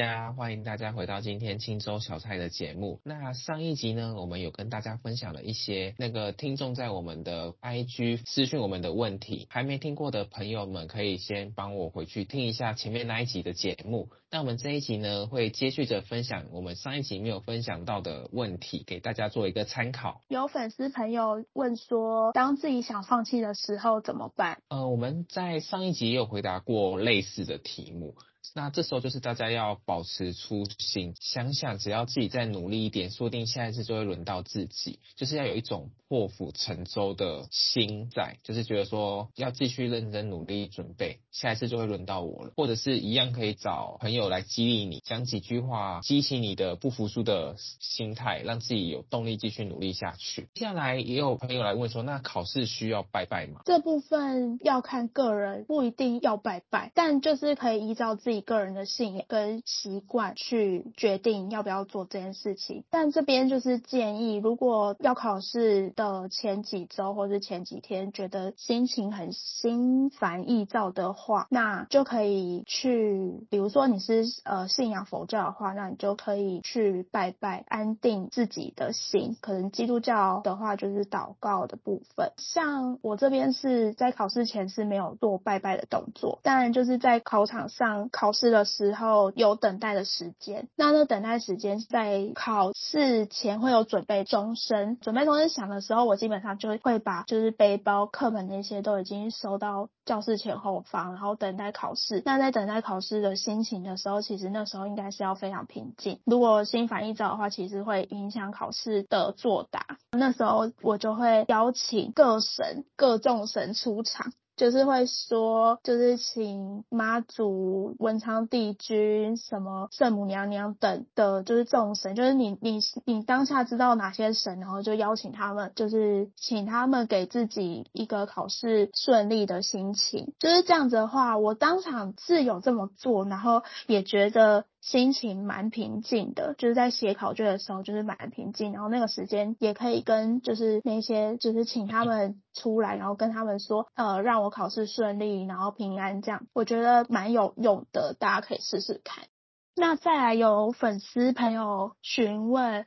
家歡迎大家回到今天清粥小菜的節目。那上一集呢，我們有跟大家分享了一些那個聽眾在我們的 IG 私訊我們的問題。還沒聽過的朋友們，可以先幫我回去聽一下前面那一集的節目。那我們這一集呢，會接續着分享我們上一集沒有分享到的問題，給大家做一個參考。有粉絲朋友問說，當自己想放棄的時候怎麼辦？呃，我們在上一集也有回答過類似的題目。那這時候就是大家要保持初心，想想只要自己再努力一點，說不定下一次就會輪到自己，就是要有一種。破釜沉舟的心在，就是覺得說要繼續認真努力準備，下一次就會輪到我了，或者是一樣可以找朋友來激勵你，講幾句話，激起你的不服輸的心態，讓自己有動力繼續努力下去。接下來也有朋友來問說，那考試需要拜拜嗎？這部分要看個人，不一定要拜拜，但就是可以依照自己個人的信念跟習慣去決定要不要做這件事情。但這邊就是建議，如果要考試的前幾週或是前幾天，覺得心情很心煩意躁的話，那就可以去，比如說你是呃信仰佛教的話，那你就可以去拜拜，安定自己的心。可能基督教的話就是禱告的部分。像我這邊是在考試前是沒有做拜拜的動作，當然就是在考場上考試的時候有等待的時間。那那等待時間是在考試前會有準備鐘聲，準備鐘聲響的時候。時候我基本上就會把就是背包、課本那些都已經收到教室前後方，然後等待考試。那在等待考試的心情的時候，其實那時候應該是要非常平靜。如果心煩意躁的話，其實會影響考試的作答。那時候我就會邀請各神、各眾神出場。就是會說，就是請媽祖、文昌帝君、什麼聖母娘娘等的，就是眾神，就是你你你當下知道哪些神，然後就邀請他們，就是請他們給自己一個考試順利的心情。就是這樣子的話，我當場是有這麼做，然後也覺得，心情蠻平靜的，就是在寫考卷的時候就是蠻平靜，然後那個時間也可以跟就是那些就是請他們出來，然後跟他們說，呃，讓我考試順利，然後平安這樣，我覺得蠻有用的，大家可以試試看。那再來有粉絲朋友詢問，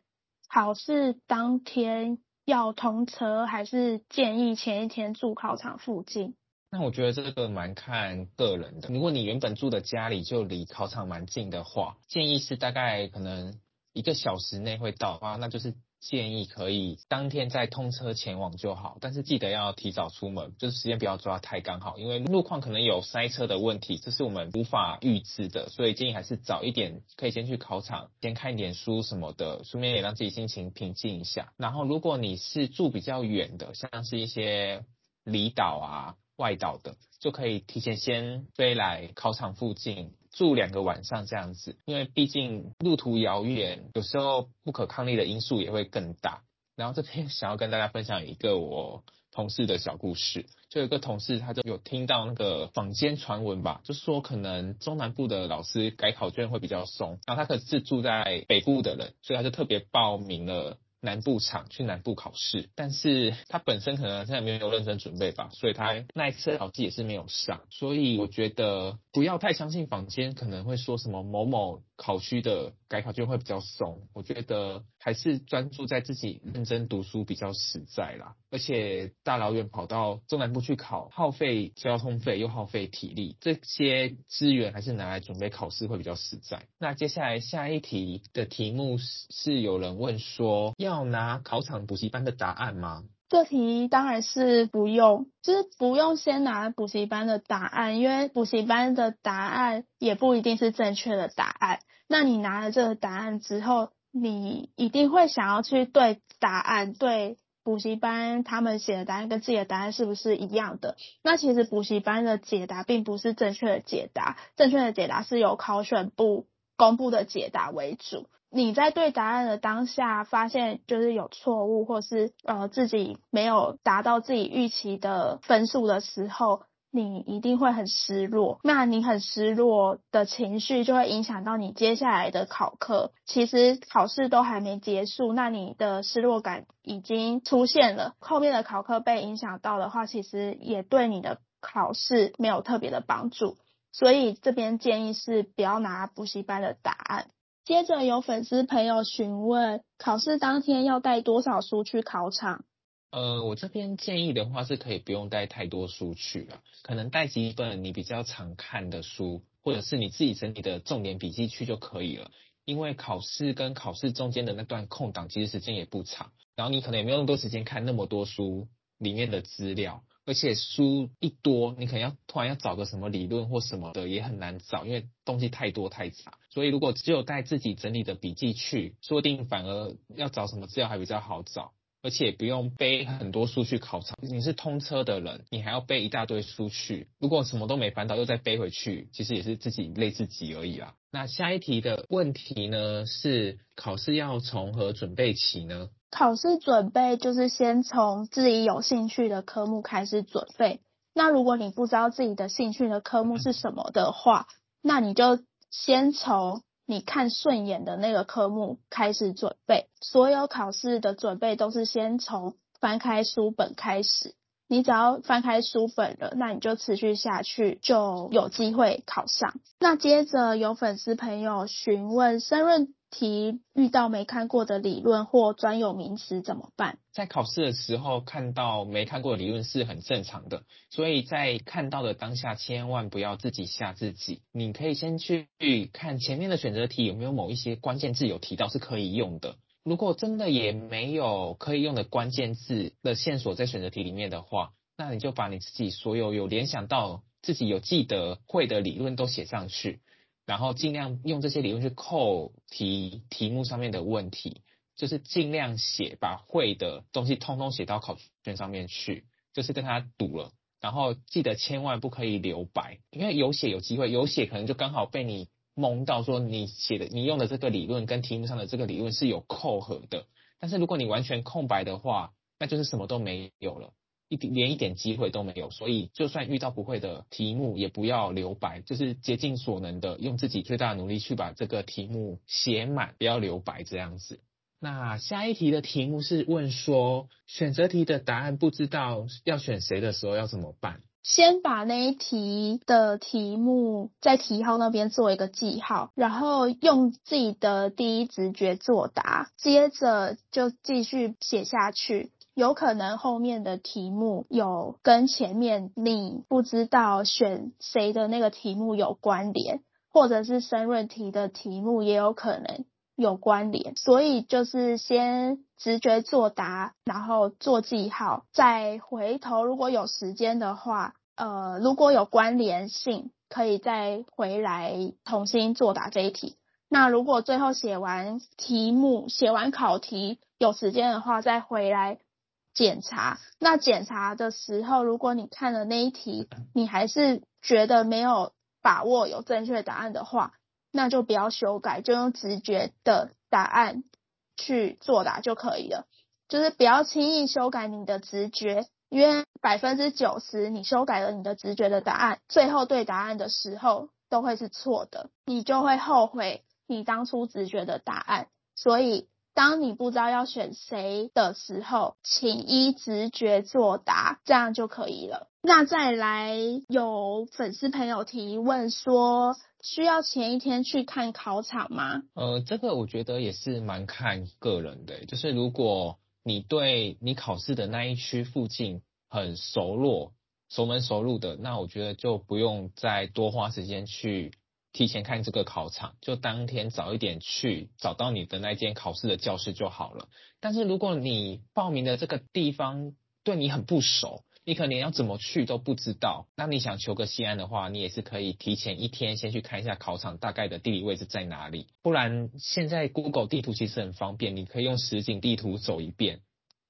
考試當天要通車還是建議前一天住考場附近？那我覺得這個蠻看個人的。如果你原本住的家裡就離考場蠻近的話，建議是大概可能一個小時內會到啊那就是建議可以當天再通車前往就好。但是記得要提早出門，就是時間不要抓太剛好，因為路況可能有塞車的問題，這是我們無法預知的，所以建議還是早一點可以先去考場，先看一點書什麼的，順便也讓自己心情平靜一下。然後如果你是住比較遠的，像是一些離島啊。外島的就可以提前先飛來考場附近住兩個晚上這樣子，因為畢竟路途遙遠，有時候不可抗力的因素也會更大。然後這邊想要跟大家分享一個我同事的小故事，就有一個同事他就有聽到那個坊間傳聞吧，就說可能中南部的老師改考卷會比較鬆，然後他可是住在北部的人，所以他就特別報名了，南部場，去南部考試，但是他本身可能現在沒有認真準備吧，所以他那一次考試也是沒有上。所以我覺得不要太相信坊間可能會說什麼某某考區的改考卷會比較鬆，我覺得。還是專注在自己認真讀書比較實在啦，而且大老遠跑到中南部去考，耗費交通費又耗費體力，這些資源還是拿來準備考試會比較實在。那接下來下一題的題目是有人問說，要拿考場補習班的答案嗎？這題當然是不用，就是不用先拿補習班的答案，因為補習班的答案也不一定是正確的答案。那你拿了這個答案之後，你一定會想要去對答案，對補習班他們寫的答案跟自己的答案是不是一樣的。那其實補習班的解答並不是正確的解答，正確的解答是由考選部公布的解答為主。你在對答案的當下發現就是有錯誤，或是呃自己沒有達到自己預期的分數的時候，你一定會很失落，那你很失落的情緒就會影響到你接下來的考課。其實考試都還沒結束，那你的失落感已經出現了，後面的考課被影響到的話，其實也對你的考試沒有特別的幫助。所以這邊建議是不要拿補習班的答案。接着有粉絲朋友詢問，考試當天要帶多少書去考場？呃，我這邊建議的話，是可以不用帶太多書去了，可能帶幾本你比較常看的書，或者是你自己整理的重點筆記去就可以了。因為考試跟考試中間的那段空檔，其實時間也不長，然後你可能也沒有那麼多時間看那麼多書裡面的資料，而且書一多，你可能要突然要找個什麼理論或什麼的也很難找，因為東西太多太雜。所以如果只有帶自己整理的筆記去，說不定反而要找什麼資料還比較好找。而且不用背很多書去考場，你是通車的人，你還要背一大堆書去。如果什麼都沒翻到，又再背回去，其實也是自己累自己而已啦啊。那下一題的問題呢？是考試要從何準備起呢？考試準備就是先從自己有興趣的科目開始準備。那如果你不知道自己的興趣的科目是什麼的話，那你就先從你看順眼的那個科目開始準備，所有考試的準備都是先從翻開書本開始。你只要翻開書本了，那你就持續下去，就有機會考上。那接着有粉絲朋友詢問申論題遇到沒看過的理論或專有名詞怎麼辦？在考試的時候看到沒看過的理論是很正常的，所以在看到的當下千萬不要自己嚇自己。你可以先去看前面的選擇題有沒有某一些關鍵字有提到是可以用的。如果真的也沒有可以用的關鍵字的線索在選擇題裡面的話，那你就把你自己所有有聯想到、自己有記得會的理論都寫上去。然後盡量用這些理論去扣題題目上面的問題，就是盡量寫，把會的東西通通寫到考卷上面去，就是跟他賭了。然後記得千萬不可以留白，因為有寫有機會，有寫可能就剛好被你矇到說你寫的你用的這個理論跟題目上的這個理論是有扣合的。但是如果你完全空白的話，那就是什麼都沒有了。一點連一點機會都沒有，所以就算遇到不會的題目也不要留白，就是竭盡所能的用自己最大的努力去把這個題目寫滿，不要留白這樣子。那下一題的題目是問說，選擇題的答案不知道要選誰的時候要怎麼辦？先把那一題的題目在題號那邊做一個記號，然後用自己的第一直覺作答，接着就繼續寫下去。有可能後面的題目有跟前面你不知道選誰的那個題目有關聯，或者是申論題的題目也有可能有關聯，所以就是先直覺作答，然後做記號，再回頭如果有時間的話，呃，如果有關聯性，可以再回來重新作答這一題。那如果最後寫完題目，寫完考題，有時間的話，再回來。檢查，那檢查的時候，如果你看了那一題，你還是覺得沒有把握有正確答案的話，那就不要修改，就用直覺的答案去作答就可以了。就是不要輕易修改你的直覺，因為百分之九十你修改了你的直覺的答案，最後對答案的時候都會是錯的，你就會後悔你當初直覺的答案。所以。當你不知道要選誰的時候，請依直覺作答，這樣就可以了。那再來有粉絲朋友提問說，需要前一天去看考場嗎？呃，這個我覺得也是蠻看個人的，就是如果你對你考試的那一區附近很熟絡、熟門熟路的，那我覺得就不用再多花時間去。提前看這個考場，就當天早一點去找到你的那間考試的教室就好了。但是如果你報名的這個地方對你很不熟，你可能連要怎麼去都不知道。那你想求個心安的話，你也是可以提前一天先去看一下考場大概的地理位置在哪裡。不然現在 Google 地圖其實很方便，你可以用實景地圖走一遍，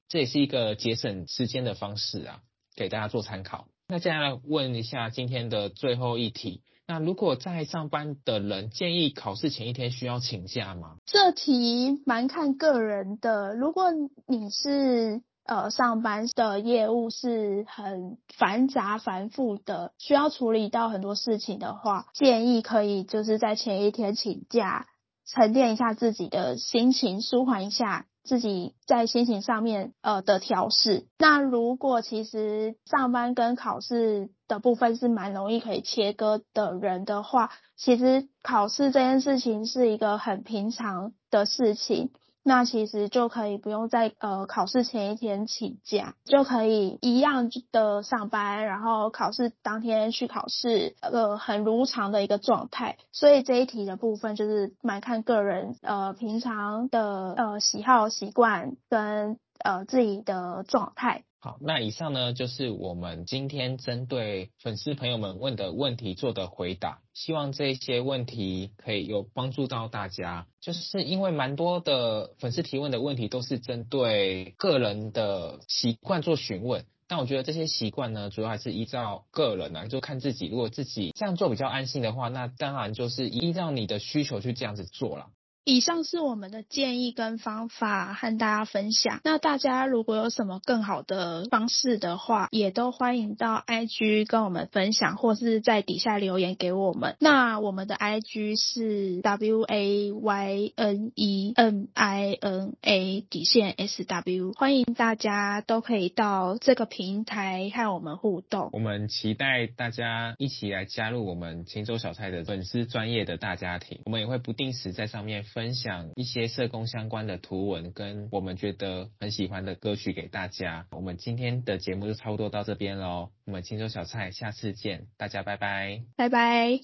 這也是一個節省時間的方式啊，給大家做參考。那接下來問一下今天的最後一題。那如果在上班的人建議考試前一天需要請假嗎？這題蠻看個人的，如果你是呃上班的業務是很繁雜繁複的，需要處理到很多事情的話，建議可以就是在前一天請假，沉澱一下自己的心情，舒緩一下。自己在心情上面，呃的調適。那如果其實上班跟考試的部分是蠻容易可以切割的人的話，其實考試這件事情是一個很平常的事情。那其實就可以不用在呃考試前一天請假，就可以一樣的上班，然後考試當天去考試，呃很如常的一個狀態。所以這一題的部分就是蠻看個人呃平常的呃喜好習慣跟。呃，自己的狀態。好，那以上呢，就是我們今天針對粉絲朋友們問的問題做的回答。希望這些問題可以有幫助到大家。就是因為蠻多的粉絲提問的問題都是針對個人的習慣做詢問，但我覺得這些習慣呢，主要還是依照個人來就看自己。如果自己這樣做比較安心的話，那當然就是依照你的需求去這樣子做啦。以上是我們的建議跟方法，和大家分享。那大家如果有什麼更好的方式的話，也都歡迎到 IG 跟我們分享，或是在底下留言給我們。那我們的 IG 是 w a y n e m i n a 底線 s w，歡迎大家都可以到這個平台和我們互動。我們期待大家一起來加入我們青州小菜的粉絲專頁的大家庭。我們也會不定時在上面。分享一些社工相關的圖文跟我們覺得很喜歡的歌曲給大家。我們今天的節目就差不多到這邊咯，我們青州小菜下次見，大家拜拜，拜拜。